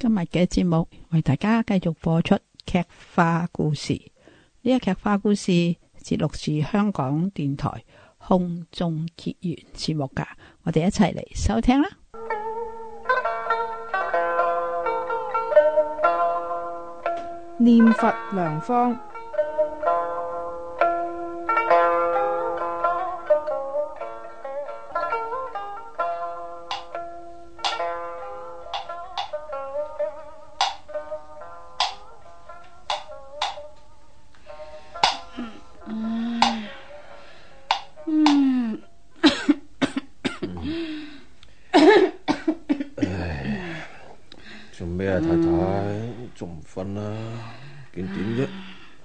今日嘅節目為大家繼續播出劇化故事，呢、這、一、個、劇化故事節錄自香港電台空中結緣節目噶，我哋一齊嚟收聽啦。念佛良方。.咩啊太太，仲唔瞓啦？見點啫、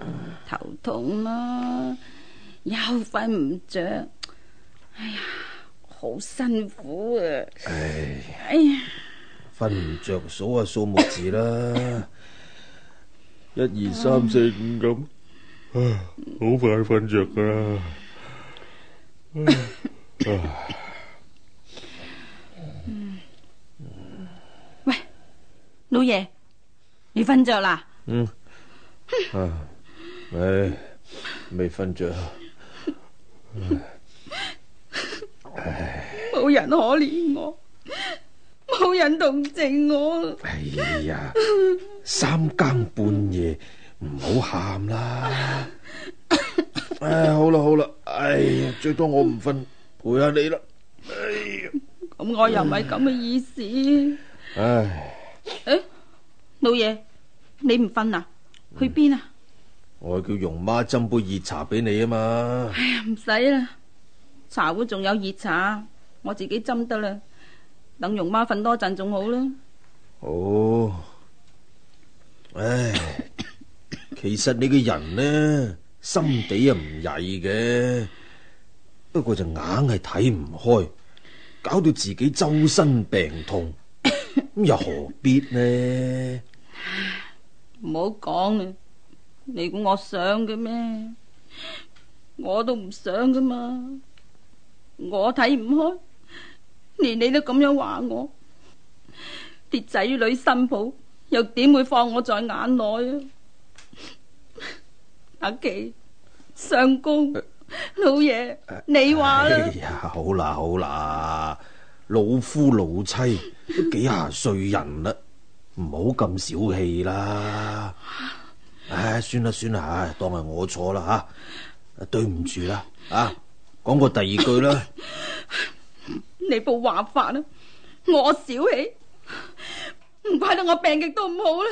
嗯？頭痛啦，又瞓唔着，哎呀，好辛苦啊！哎唉，哎呀，瞓唔着數下數目字啦，一二三四五咁，好 快瞓着噶啦。 老爺，你瞓着啦？嗯，唉，未瞓着，唉，冇人可憐我，冇人同情我。哎呀，三更半夜唔好喊啦！哎，好啦好啦，哎，最多我唔瞓，陪下你啦。哎，咁我又唔係咁嘅意思。唉。誒、欸，老爺，你唔瞓啊？去邊啊，嗯？我叫容媽斟杯熱茶俾你啊嘛。哎呀，唔使啦，茶壺仲有熱茶，我自己斟得啦。等容媽瞓多陣仲好啦。好。唉，其實你個人呢，心地又唔曳嘅，不過就硬係睇唔開，搞到自己周身病痛。咁又何必呢？唔好講啊！你估我想嘅咩？我都唔想噶嘛！我睇唔開，連你都咁樣話我，啲仔女新抱又點會放我在眼內啊？ 阿奇，相公，呃、老爺，你話啦、呃？哎呀，好啦，好啦。老夫老妻都幾廿歲人啦，唔好咁小氣啦！唉，算啦算啦，當係我錯啦吓，對唔住啦啊，講個第二句啦，你部話法啦，我小氣，唔怪到我病極都唔好啦、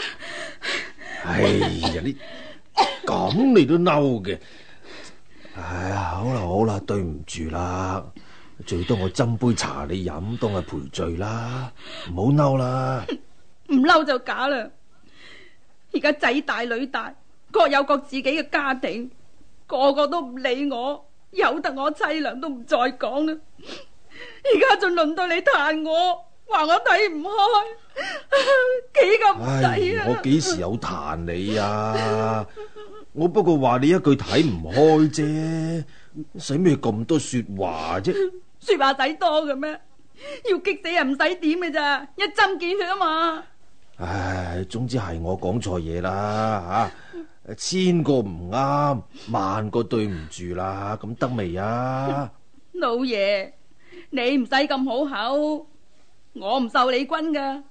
啊。哎呀，你咁你都嬲嘅，哎呀，好啦好啦，對唔住啦。最多我斟杯茶你飲當係賠罪啦，唔好嬲啦，唔嬲 就假啦。而家仔大女大，各有各自己嘅家庭，個個都唔理我，由得我淒涼都唔再講啦。而家仲輪到你彈我，話我睇唔開，幾咁仔？啊！我幾時有彈你啊？ 我不過話你一句睇唔開啫，使咩咁多說話啫？說話仔多嘅咩？要激死人唔使點嘅咋？一針見血啊嘛！唉，總之係我講錯嘢啦吓，千個唔啱，萬個對唔住啦，咁得未啊？老爺，你唔使咁好口，我唔受你勸噶。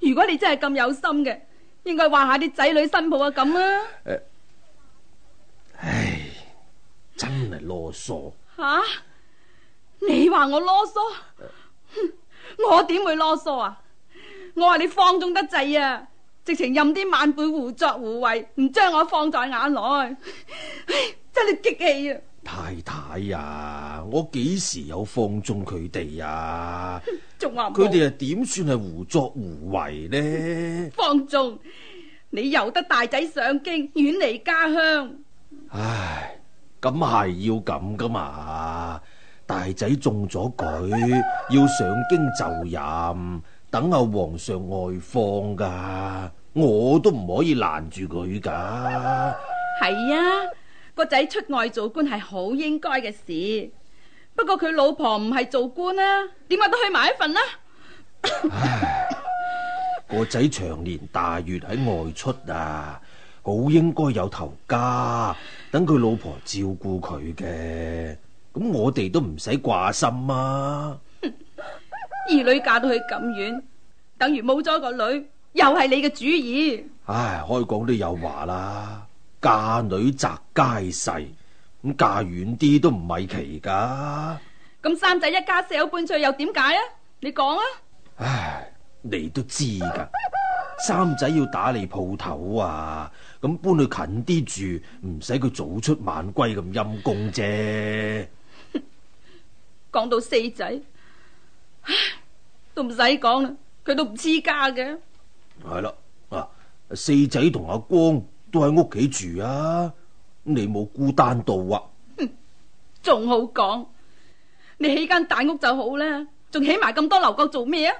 如果你真係咁有心嘅，應該話下啲仔女新抱啊咁啊！唉，真係囉嗦吓。你話我囉嗦？哼， 我點會囉嗦啊？我話你放縱得滯啊！直情任啲晚輩胡作胡為，唔將我放在眼內， 真係激氣啊！太太啊，我幾時有放縱佢哋啊？仲話佢哋啊？點算係胡作胡為呢？放縱，你由得大仔上京，遠離家鄉。唉，咁係要咁噶嘛？大仔中咗舉，要上京就任，等候皇上外放噶，我都唔可以攔住佢噶。係啊，個仔出外做官係好應該嘅事，不過佢老婆唔係做官啊，點解都去埋一份啦？ 唉，個仔長年大月喺外出啊，好應該有頭家等佢老婆照顧佢嘅。咁我哋都唔使掛心啊！二女嫁到去咁遠，等於冇咗個女，又係你嘅主意。唉，開講都有話啦，嫁女擇佳婿，咁嫁遠啲都唔係奇噶。咁三仔一家四口搬出去又點解啊？你講啊！唉，你都知噶，三仔要打理鋪頭啊，咁搬去近啲住，唔使佢早出晚歸咁陰功啫。講到四仔，唉，都唔使講啦，佢都唔知家嘅。係啦，啊，四仔同阿光都喺屋企住啊，你冇孤單到啊。仲好講，你起間大屋就好啦，仲起埋咁多樓閣做咩啊？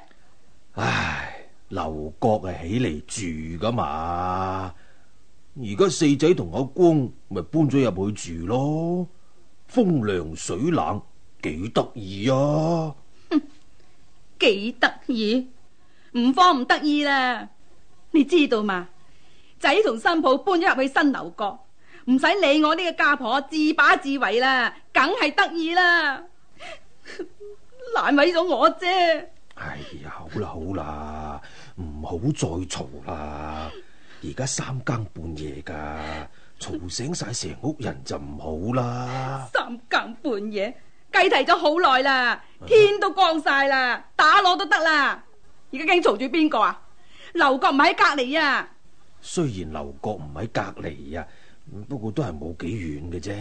唉，樓閣係起嚟住㗎嘛。而家四仔同阿光咪搬咗入去住咯，風涼水冷。幾、啊、 得意啊！哼，幾得意，唔慌，唔得意啦，你知道嘛？仔同新抱搬咗入去新樓閣，唔使理我呢個家婆，自把自為啦，梗係得意啦， 難為咗我啫！哎呀， 好啦好啦，唔好再嘈啦，而家三更半夜噶，嘈醒晒成屋人就唔好啦， 三更半夜。計提咗好耐啦，天都光晒啦，打鑼都得啦。而家驚嘈住邊個啊？劉國唔喺隔籬啊？國離啊雖然劉國唔喺隔籬啊，不過都係冇幾遠嘅啫。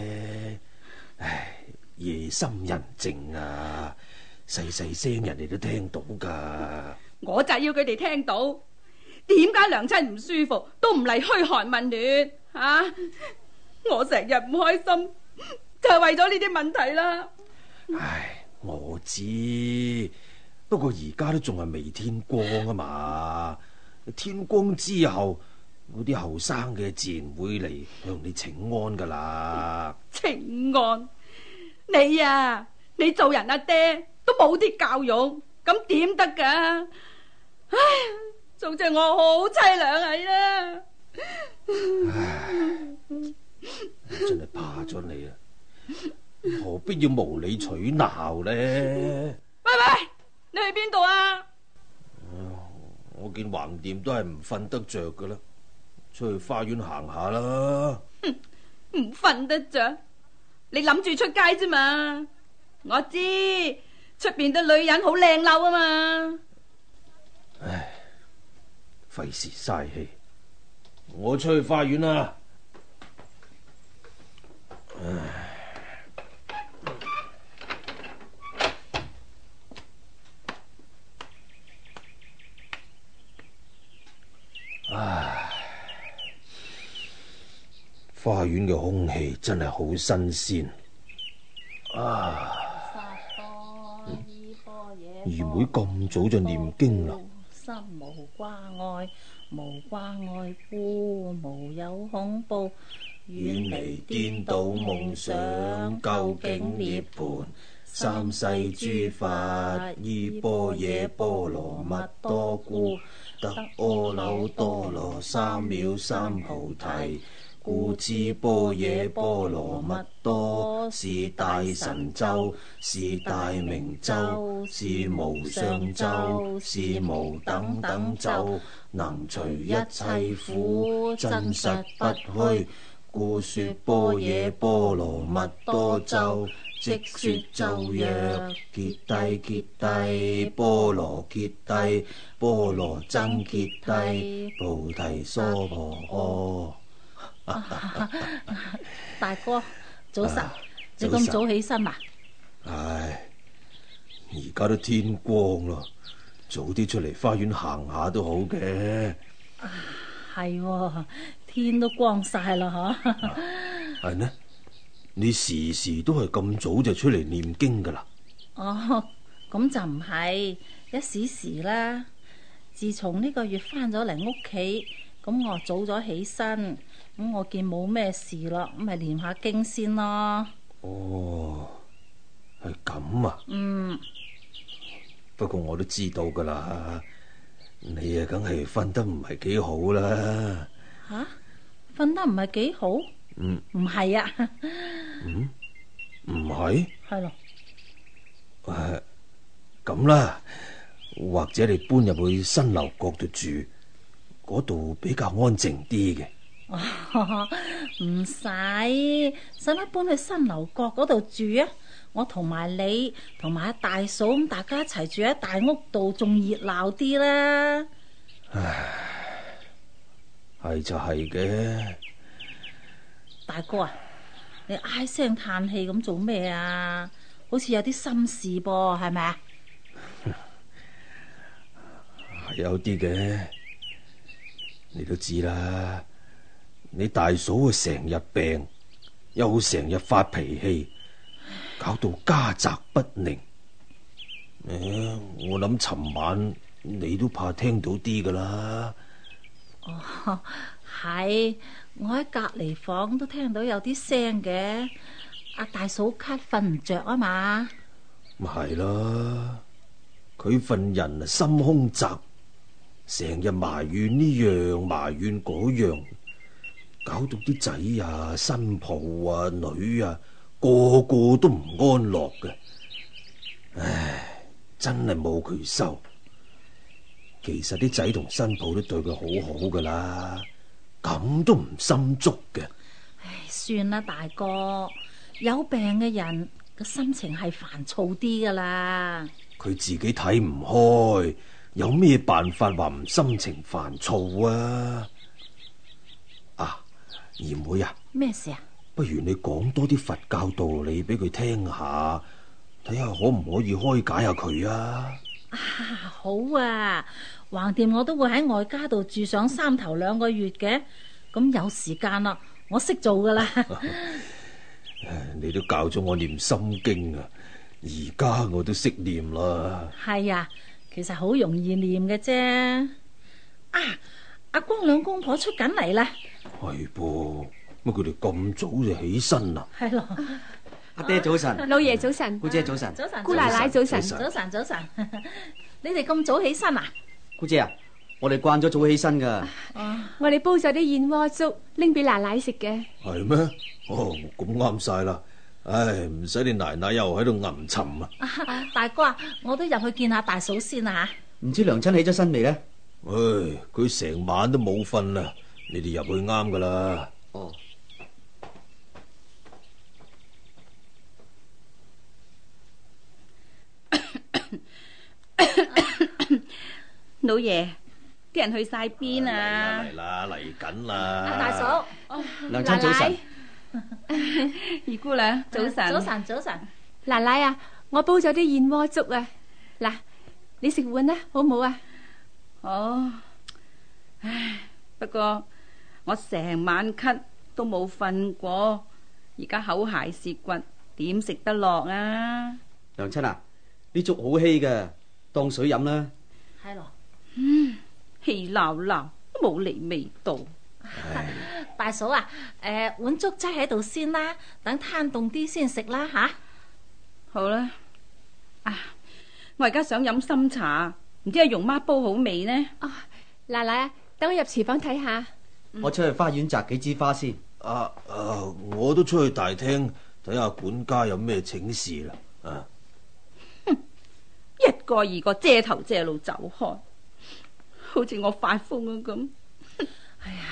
唉，夜深人靜啊，細細聲人哋都聽到噶。我就要佢哋聽到，點解娘親唔舒服都唔嚟噓寒問暖吓，啊？我成日唔開心就係、是、為咗呢啲問題啦。唉，我知，不過而家都仲係未天光啊嘛，天光之後，嗰啲後生嘅自然會嚟向你請安噶啦。請安？你啊，你做人阿爹都冇啲教養，咁點得噶？唉，做只我好凄涼係啦。 唉，真係怕咗你啊！何必要無理取鬧呢？喂喂，你去邊度啊？我見橫掂都係唔瞓得着噶啦，出去花園行下啦。唔瞓 得着？你諗住出街啫嘛？我知出邊啲女人好靚溜啊嘛。唉，費事嘥氣，我出去花園啦。唉。花園嘅空氣真係好新鮮啊！二妹咁早就念經啦。心無掛礙，無掛礙故，無有恐怖，遠離顛倒夢想，究竟涅槃，三世諸佛依般若波羅蜜多故，得阿耨多羅三藐三菩提。故知般若波羅蜜多是大神咒，是大明咒，是無上咒，是無等等咒，能除一切苦，真實不虛。故說般若波羅蜜多咒，即說咒曰：揭諦揭諦，波羅揭諦，波羅僧揭諦，菩提娑婆訶。哦啊啊啊、大哥，早晨，啊、早晨你咁早起身啊？唉，而家都天光咯，早啲出嚟花園行下都好嘅。係、啊、天都光晒啦，嗬、啊、係 呢？你時時都係咁早就出嚟念經噶啦？哦，咁就唔係一時時啦。自從呢個月翻咗嚟屋企，咁我早咗起身。咁我見冇咩事啦，咁咪念下經先咯。哦，係咁啊。嗯。不過我都知道噶啦，你的啊，梗係瞓得唔係幾好啦。吓？瞓得唔係幾好？嗯。唔係啊。嗯？唔係？係咯。咁啦，或者你搬入去新樓嗰度住，嗰度比較安靜啲嘅。唔使，使乜，哦，搬去新樓角嗰度住啊？我同埋你，同埋阿大嫂咁，大家一齊住喺大屋度，仲熱鬧啲啦。唉，係就係嘅。大哥啊，你唉聲嘆氣咁做咩啊？好似有啲心事噃，係咪啊？ 有啲嘅，你都知啦。你大嫂啊，成日病，又成日發脾氣，搞到家宅不寧。誒，我諗尋晚你都怕聽到啲噶啦。哦，係我喺隔籬房都聽到有啲聲嘅。阿、啊、大嫂咳，瞓唔着啊嘛。咪係咯，佢份人心胸窄，成日埋怨呢樣埋怨嗰樣。搞到啲仔啊、新抱啊、女啊，個個都唔安樂嘅。唉，真係冇佢收。其實啲仔同新抱都對佢好好噶啦，咁都唔心足嘅。唉，算啦，大哥，有病嘅人個心情係煩躁啲噶啦。佢自己睇唔開，有咩辦法話唔心情煩躁啊？二妹啊，咩事啊？不如你講多啲佛教道理俾佢聽下，睇下可唔可以開解下佢啊？啊，好啊，橫掂我都會喺外家度住上三頭兩個月嘅，咁有時間啦，我識做噶啦。 你都教咗我念心經啊，而家我都識念啦。係啊，其實好容易念嘅啫。啊！阿公兩公婆出緊嚟啦，係噃，乜佢哋咁早就起身啦？係咯，阿爹，早晨，老爺早晨，姑姐早晨，早晨，姑奶奶早晨，早晨早晨，你哋咁早起身啊？姑姐啊，我哋慣咗早起身噶。我哋煲晒啲燕窩粥，拎俾奶奶食嘅。係咩？哦，咁啱晒啦。唉，唔使你奶奶又喺度吟沉啊。大哥啊，我都入去見下大嫂先啦吓。唔知娘親起咗身未咧？唉，佢成晚都冇瞓啦，你哋入去啱噶啦。哦，老爺，啲人去晒邊啊？嚟啦，嚟緊啦！阿大嫂，娘親早晨，二姑娘早晨，早晨，早晨早晨，奶奶啊，我煲咗啲燕窩粥啊，嗱，你食碗啦，好唔好啊？哦，唉，不過我成晚咳都冇瞓過，而家口鞋舌骨，點食得落啊？娘親啊，呢粥好稀嘅，當水飲啦。係咯的，嗯，稀流流都冇嚟味道。唉大嫂啊，誒、呃，碗粥擠喺度先啦，等攤凍啲先食啦吓。好啦，啊，我而家想飲深茶。唔知阿容媽煲好未呢？啊，奶奶，等我入廚房睇下。嗯、我出去花園摘幾枝花先。啊，阿、啊、我都出去大廳睇下管家有咩請示啦。啊！一個二個遮頭遮路走開，好似我發瘋啊咁。 哎呀，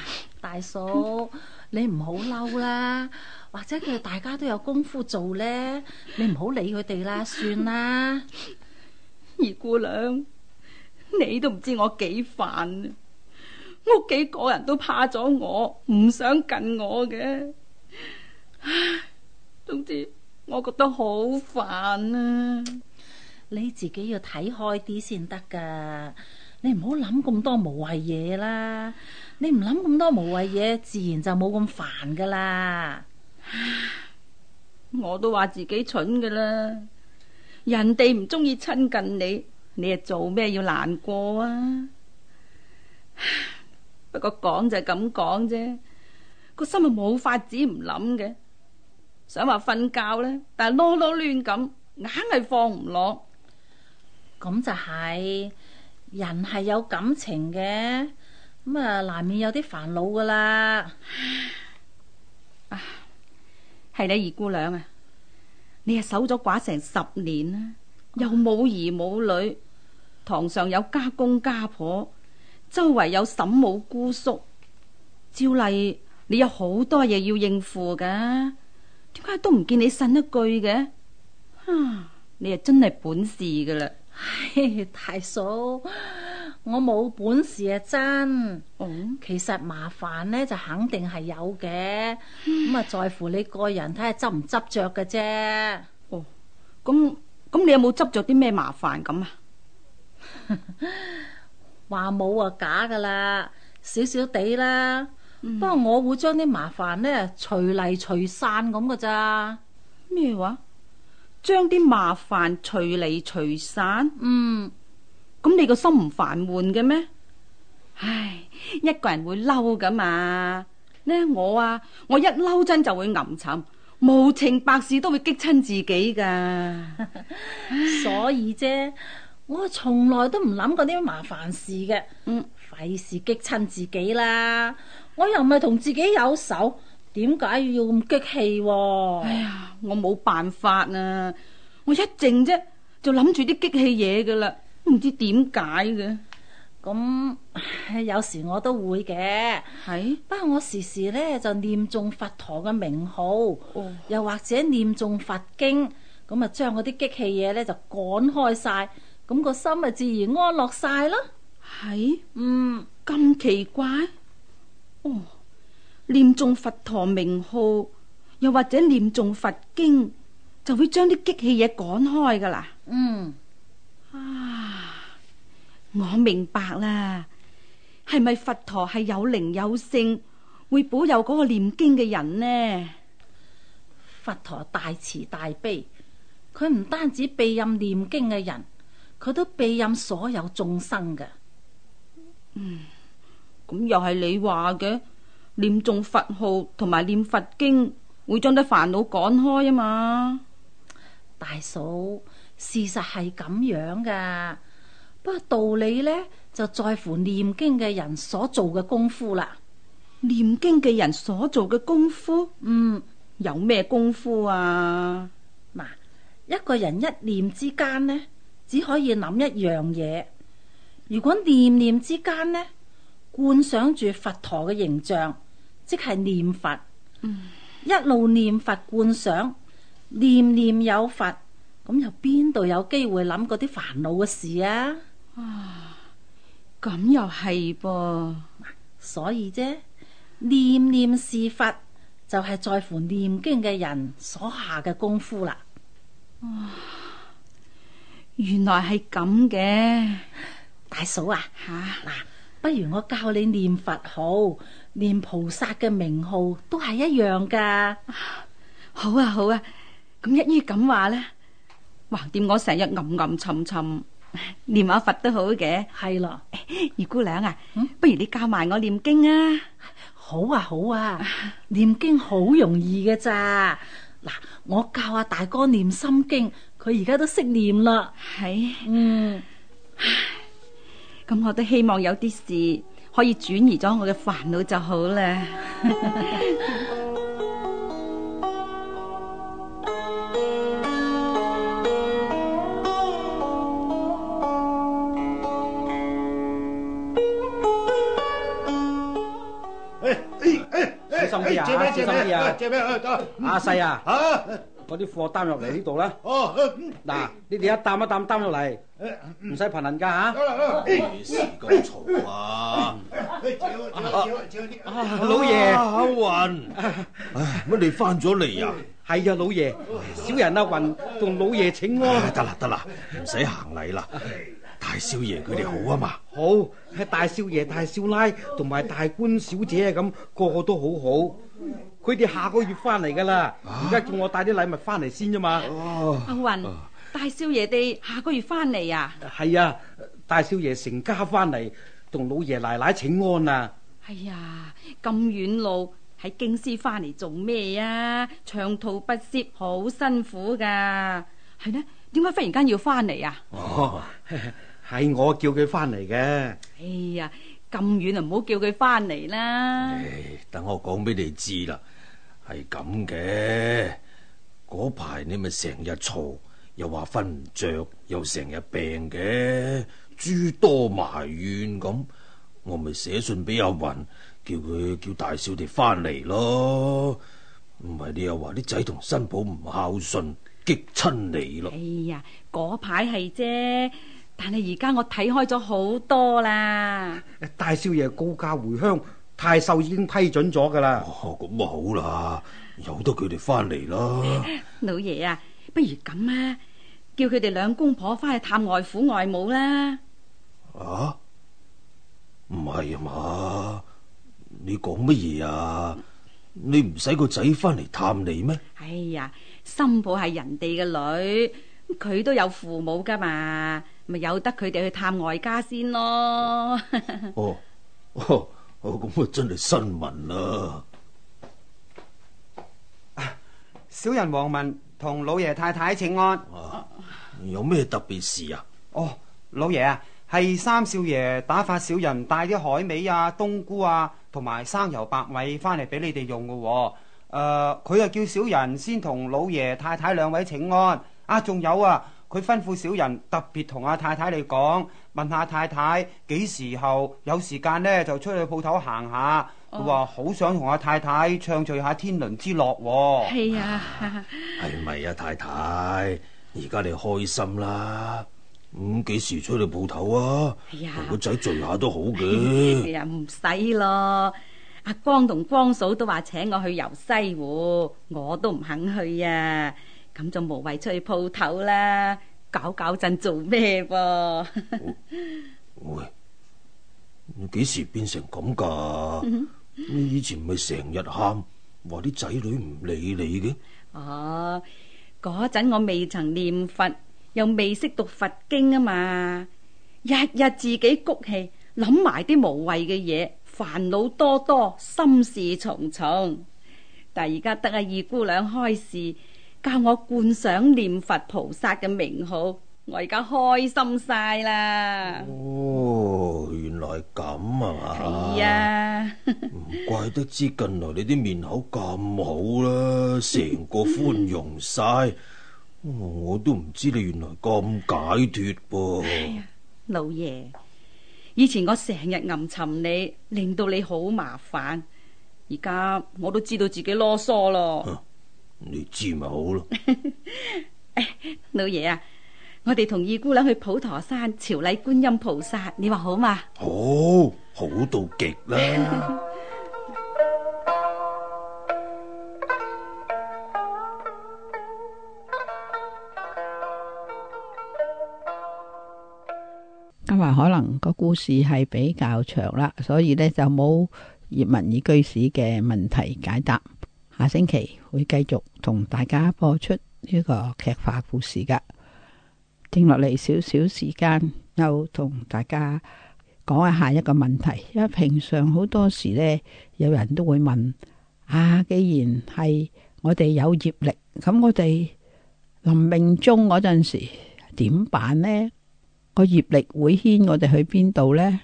大嫂，你唔好嬲啦，或者佢哋大家都有功夫做咧，你唔好理佢哋啦，算啦。 二姑娘。你都唔知我幾煩啊，屋企個人都怕咗我，唔想近我嘅。總之我覺得好煩啊！你自己要睇開啲先得噶，你唔好諗咁多無謂嘢啦。你唔諗咁多無謂嘢，自然就冇咁煩噶啦。 我都話自己蠢噶啦，人哋唔中意親近你。你係做咩要難過啊？不過講就係咁講啫，個心啊冇法子唔諗嘅，想話瞓覺咧，但係囉囉攣咁，硬係放唔落。咁就係人係有感情嘅，咁啊難免有啲煩惱噶啦。係你二姑娘啊，你係守咗寡成十年啦，又冇兒冇女。堂上有家公家婆，周圍有嬸母姑叔。照例，你有好多嘢要應付嘅，點解都唔見你呻一句嘅？啊，你啊真係本事噶啦！ 大嫂，我冇本事啊，真、嗯。其實麻煩呢就肯定係有嘅，咁啊、嗯、在乎你個人睇下執唔執着嘅啫。看看執執哦，咁咁，你有冇執着啲咩麻煩咁啊？話冇啊？ 假噶啦，少少地啦。嗯、不過我會將啲麻煩呢隨嚟隨散咁噶咋。咩話？將啲麻煩隨嚟隨散？嗯。咁你個心唔煩悶嘅咩？唉，一個人會嬲噶嘛？呢我啊，我一嬲真就，就會吟沉，無情百事都會激親自己噶。 所以啫。 我從來都唔諗過啲麻煩事嘅，費事、嗯、激親自己啦！我又唔係同自己有仇，點解要咁激氣，啊？哎呀，我冇辦法啊！我一靜啫，就諗住啲激氣嘢噶啦，唔知點解嘅。咁、嗯、有時我都會嘅，係是不過我時時咧就念誦佛陀嘅名號，哦、又或者念誦佛經，咁啊將嗰啲激氣嘢咧就趕開晒。咁個心咪自然安樂晒啦。係是，嗯，咁奇怪。哦，念誦佛陀名號，又或者念誦佛經，就會將啲激氣嘢趕開噶啦。嗯，啊，我明白啦。係咪佛陀係有靈有性，會保佑嗰個念經嘅人呢？佛陀大慈大悲，佢唔單止庇佑念經嘅人。佢都庇蔭所有眾生嘅，嗯，咁又係你話嘅念誦佛號同埋念佛經會將啲煩惱趕開啊嘛。大嫂，事實係咁樣噶，不過道理呢，就在乎念經嘅人所做嘅功夫啦。念經嘅人所做嘅功夫，嗯，有咩功夫啊？嗱，一個人一念之間呢？只可以諗一樣嘢。如果念念之間呢，觀想住佛陀嘅形象，即係念佛，嗯、一路念佛觀想，念念有佛，咁又邊度有機會諗嗰啲煩惱嘅事啊？啊，咁又係噃。所以啫，念念是佛，就係、是、在乎念經嘅人所下嘅功夫啦。啊！原來係咁嘅，大嫂啊，嗱、啊，啊、不如我教你念佛好，念菩薩嘅名號都係一樣噶、啊。好啊好啊，咁一於咁話啦。橫掂我成日暗暗沉沉，念下佛都好嘅。係咯的、哎，二姑娘啊，嗯、不如你教埋我念經啊。好啊好啊，念經好容易噶咋？嗱、啊，我教阿大哥念心經。佢而家都識念啦。係，嗯，唉，咁我都希望有啲事可以轉移咗我嘅煩惱就好咧。哎哎哎哎，小心啲啊！小心啲啊！借咩去？阿細啊！嗰啲貨擔入嚟呢度啦，嗱，你哋一擔一擔擔落嚟，唔使貧人噶吓。是咁嘈啊！啊，老爺，阿雲，哎，乜你翻咗嚟呀？係呀，老爺，小人阿雲，同老爺請安。得啦得啦，唔使行禮啦，大少爺佢哋好啊嘛。好，係大少爺、大少奶同埋大官小姐咁，個個都好好。佢哋下個月翻嚟噶啦，而家、啊、叫我帶啲禮物翻嚟先啫嘛。哦、阿雲雲，啊、大少爺哋下個月翻嚟？啊？係啊，大少爺成家翻嚟，同老爺奶奶請安啊。哎呀，咁遠路喺京師翻嚟做咩啊？長途跋涉好辛苦噶。係呢、啊？點解忽然間要翻嚟啊？哦，係我叫佢翻嚟嘅。哎呀，咁遠啊，唔好叫佢翻嚟啦。等我講俾你知啦。係咁嘅，嗰排你咪成日嘈，又話瞓唔着，又成日病嘅，諸多埋怨咁，我咪寫信俾阿云，叫佢叫大少爺翻嚟咯。唔係你又話啲仔同新抱唔孝順，激親你咯。哎呀，嗰排係啫，但係而家我睇開咗好多啦。大少爺告假回鄉。太壽已經批准咗噶啦，咁啊、哦、好啦，由得佢哋翻嚟啦。老爺啊，不如咁啊，叫佢哋兩公婆翻去探外父外母啦。啊？唔係啊嘛？你講乜嘢啊？你唔使個仔翻嚟探你咩？哎呀，心抱係人哋嘅女，佢都有父母噶嘛，咪由得佢哋去探外家先咯。 哦，哦。哦，咁啊，真係新聞啊！小人黃文同老爺太太請安。啊、有咩特別事啊？哦，老爺啊，係三少爺打發小人帶啲海味啊、冬菇啊、同埋生油白米翻嚟俾你哋用噶、啊。誒、呃，佢又叫小人先同老爺太太兩位請安。啊，仲有啊，佢吩咐小人特別同阿太太嚟講。問下太太幾時候有時間呢？就出去鋪頭行下。佢話好想同阿太太暢聚下天倫之樂喎、哦。係、哎、呀啊，係咪啊太太？而家你開心啦，咁、嗯、幾時出去鋪頭啊？同個仔聚下都好嘅。哎、呀唔使咯，阿光同光嫂都話請我去遊西湖，我都唔肯去啊。咁就無謂出去鋪頭啦。搞搞震做咩噃？ 喂，你幾時變成咁噶？ 你以前咪成日喊話啲仔女唔理你嘅？哦，嗰陣我未曾念佛，又未識讀佛經啊嘛，日日自己谷氣，諗埋啲無謂嘅嘢，煩惱多多，心事重重。但而家得阿二姑娘開示。教我觀想念佛菩薩嘅名號，我而家開心晒啦！哦，原來咁啊，係啊，唔是、啊、 怪得知近來你啲面口咁好啦，啊，成個寬容晒， 我都唔知你原來咁解脫噃，啊哎。老爺，以前我成日暗尋你，令到你好麻煩，而家我都知道自己囉嗦咯。啊你知咪好咯，老爺啊，我哋同二姑娘去普陀山朝禮觀音菩薩，你話好嘛？好好到極啦。今日可能個故事係比較長啦，所以呢就冇葉問與居士嘅問題解答。下星期會繼續同大家播出呢個劇化故事噶。剩落嚟少少時間，又同大家講下下一個問題。因為平常好多時呢，有人都會問：啊，既然係我哋有業力，咁我哋臨命終嗰陣時點辦呢？個業力會牽我哋去邊度呢？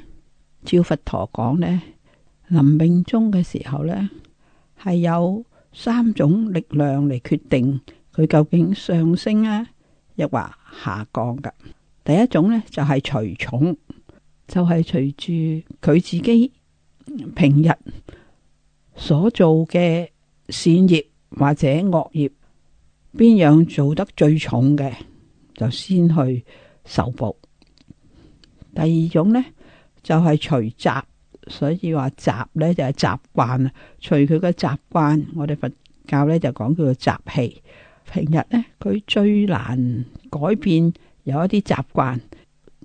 照佛陀講呢，臨命終嘅時候呢，係有三種力量嚟決定佢究竟上升啊，抑或下降噶。第一種呢，就係隨重，就係隨住佢自己平日所做嘅善業或者惡業，邊樣做得最重嘅，就先去受報。第二種呢，就係隨習。所以話習呢，就係習慣啊，隨佢嘅習慣，我哋佛教呢，就講叫做習氣。平日呢，佢最難改變，有一啲習慣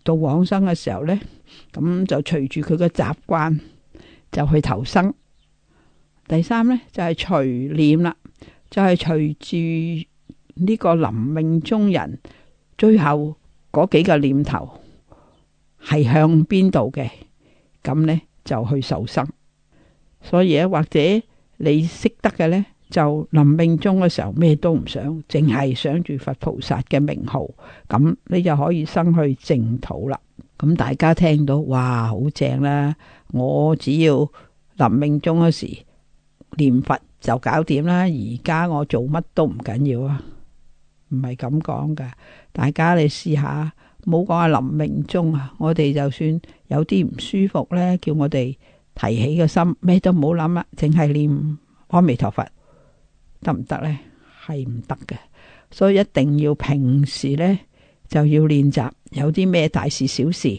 到往生嘅時候呢，咁就隨住佢嘅習慣就去投生。第三呢，就係隨念啦，就係隨住呢個臨命終人最後嗰幾個念頭係向邊度嘅咁呢。就去受生，所以或者你識得嘅呢，就臨命終嘅時候咩都唔想，淨係想住佛菩薩嘅名號，咁你就可以生去淨土啦。咁大家聽到，哇，好正啦！我只要臨命終嗰時念佛就搞掂啦，而家我做乜都唔緊要啊，唔係咁講噶，大家你試下。冇講阿林明忠啊！我哋就算有啲唔舒服呢，叫我哋提起個心，咩都唔好諗啦，淨係念阿彌陀佛得唔得呢？係唔得嘅，所以一定要平時呢，就要練習，有啲咩大事小事、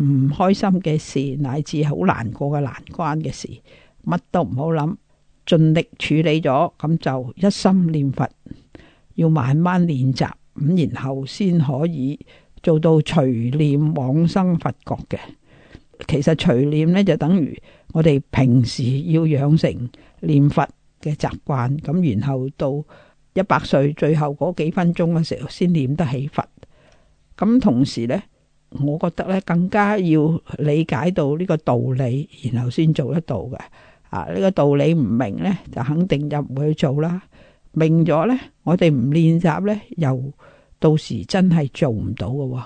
唔開心嘅事，乃至好難過嘅難關嘅事，乜都唔好諗，盡力處理咗，咁就一心念佛，要慢慢練習，五年後先可以。做到隨念往生佛國嘅，其實隨念呢就等於我哋平時要養成念佛嘅習慣，咁然後到一百歲最後嗰幾分鐘嘅時候先念得起佛。咁同時呢，我覺得咧更加要理解到呢個道理，然後先做得到嘅。啊，呢個道理唔明呢，就肯定入唔去做啦。明咗呢，我哋唔練習呢，又。到時真係做唔到嘅，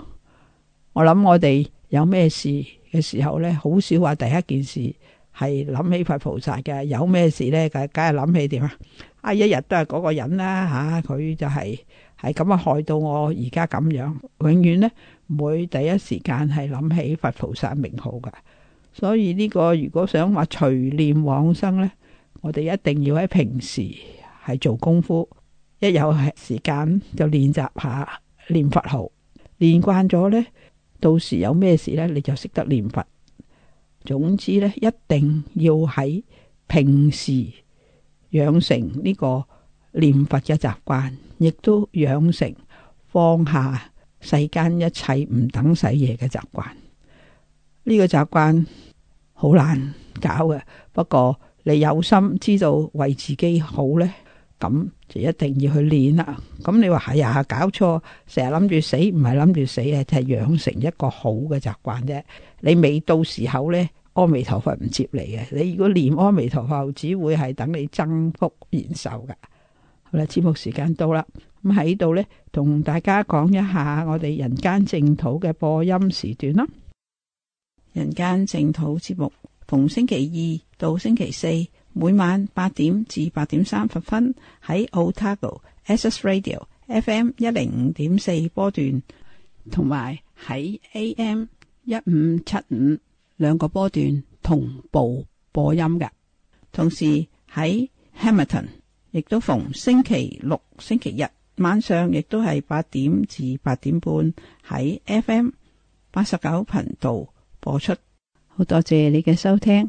我諗我哋有咩事嘅時候呢，好少話第一件事係諗起佛菩薩嘅。有咩事呢，梗係諗起點啊？啊，一日都係嗰個人啦，吓佢就係係咁啊害到我而家咁樣，永遠呢唔會第一時間係諗起佛菩薩名號㗎。所以呢個如果想話隨念往生呢，我哋一定要喺平時係做功夫。一有係時間就練習下念佛號，念慣咗呢，到時有咩事呢，你就識得念佛。總之呢，一定要喺平時養成呢個念佛嘅習慣，亦都養成放下世間一切唔等使嘢嘅習慣。呢、呢個習慣好難搞嘅，不過你有心知道為自己好呢。咁就一定要去練啦。咁你話係咪搞錯？成日諗住死，唔係諗住死咧，就係養成一個好嘅習慣啫。你未到時候咧，阿彌陀佛唔接你嘅。你如果念阿彌陀佛，只會係等你增福延壽噶。好啦，節目時間到啦。咁喺度咧，同大家講一下我哋人間淨土嘅播音時段啦。人間淨土節目逢星期二到星期四。每晚八點至八點三十分喺 Otago Access Radio FM 一零五點四波段，同埋喺 AM 一五七五兩個波段同步播音嘅。同時喺 Hamilton，亦都逢星期六、星期日晚上，亦都係八點至八點半喺 FM 八十九頻道播出。好多謝你嘅收聽。